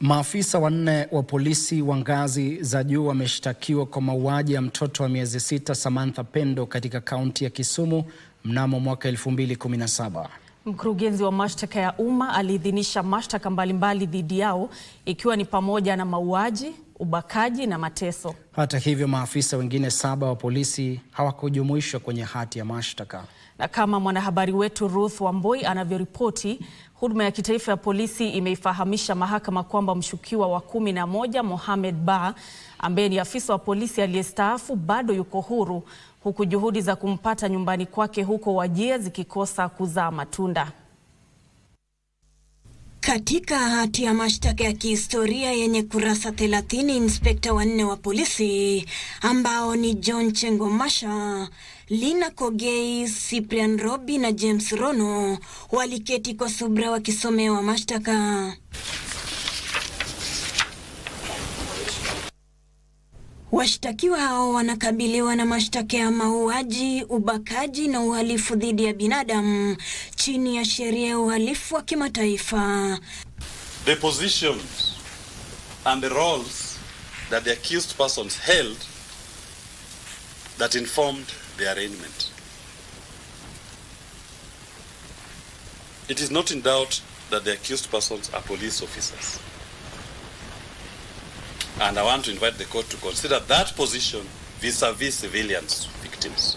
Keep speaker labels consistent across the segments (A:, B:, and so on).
A: Maafisa wanne wa polisi wa ngazi za juu wameshtakiwa kwa mauaji ya mtoto wa miezi sita Samantha Pendo katika kaunti ya Kisumu mnamo mwaka 2017.
B: Mkurugenzi wa mashtaka ya umma aliidhinisha mashtaka mbalimbali dhidi yao ikiwa ni pamoja na mauaji, ubakaji na mateso.
A: Hata hivyo, maafisa wengine saba wa polisi hawakujumuishwa kwenye hati ya mashtaka.
B: Na kama mwanahabari wetu Ruth Wambui anavyoripoti, huduma ya kitaifa ya polisi imeifahamisha mahakama kwamba mshukiwa wa kumi na moja Mohamed Ba ambaye ni afisa wa polisi aliyestaafu bado yuko huru, huku juhudi za kumpata nyumbani kwake huko Wajir zikikosa kuzaa matunda.
C: Katika hati ya mashtaka ya kihistoria yenye kurasa 30, inspekta wanne wa polisi ambao ni John Chengo Masha, Lina Kogei, Cyprian Robi na James Rono waliketi kwa subra wakisomewa mashtaka. Washtakiwa hao wanakabiliwa na mashtaka ya mauaji, ubakaji na uhalifu dhidi ya binadamu, chini ya sheria ya uhalifu wa kimataifa.
D: The positions and the roles that the accused persons held that informed the arraignment. It is not in doubt that the accused persons are police officers. And I want to invite the court to consider that position vis-a-vis civilians, victims.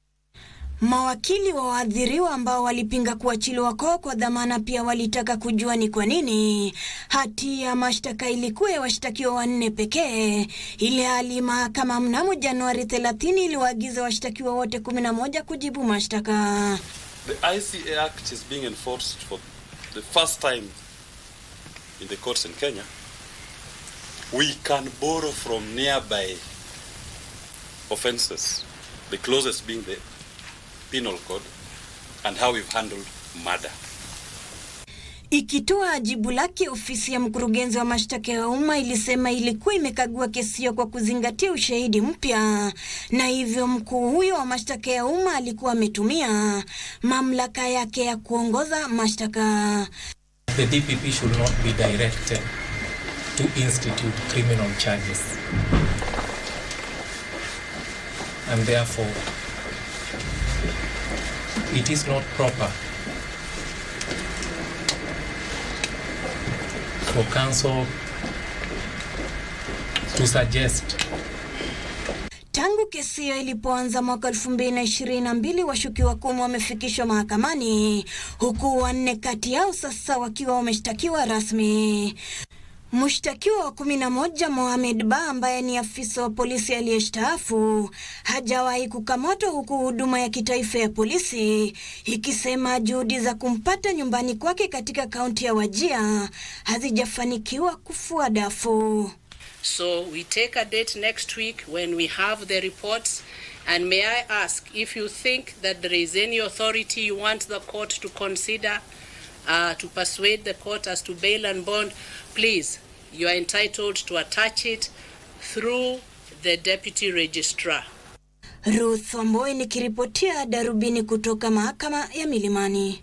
C: Mawakili wa waathiriwa ambao walipinga kuachiliwa kwao kwa dhamana pia walitaka kujua ni kwa nini hati ya mashtaka ilikuwa ya washtakiwa wanne pekee, ili hali mahakama mnamo Januari 30 iliwaagiza washtakiwa wote 11 kujibu mashtaka.
D: The penal code and how we've handled murder.
C: Ikitoa jibu lake, ofisi ya mkurugenzi wa mashtaka ya umma ilisema ilikuwa imekagua kesi hiyo kwa kuzingatia ushahidi mpya, na hivyo mkuu huyo wa mashtaka ya umma alikuwa ametumia mamlaka yake ya kuongoza mashtaka.
E: The DPP should not be directed to institute criminal charges and therefore It is not proper for council to suggest
C: Tangu kesi hiyo ilipoanza mwaka 2022 washukiwa kumi wamefikishwa mahakamani huku wanne kati yao sasa wakiwa wameshtakiwa rasmi. Mshtakiwa wa kumi na moja Mohamed Ba ambaye ni afisa wa polisi aliyestaafu hajawahi kukamatwa, huku huduma ya kitaifa ya polisi ikisema juhudi za kumpata nyumbani kwake katika kaunti ya Wajia hazijafanikiwa kufua dafu.
F: So we take a date next week when we have the reports and may I ask if you think that there is any authority you want the court to consider uh, to persuade the court as to bail and bond, please, you are entitled to attach it through the deputy registrar.
C: Ruth Wamboi nikiripotia Darubini kutoka mahakama ya Milimani.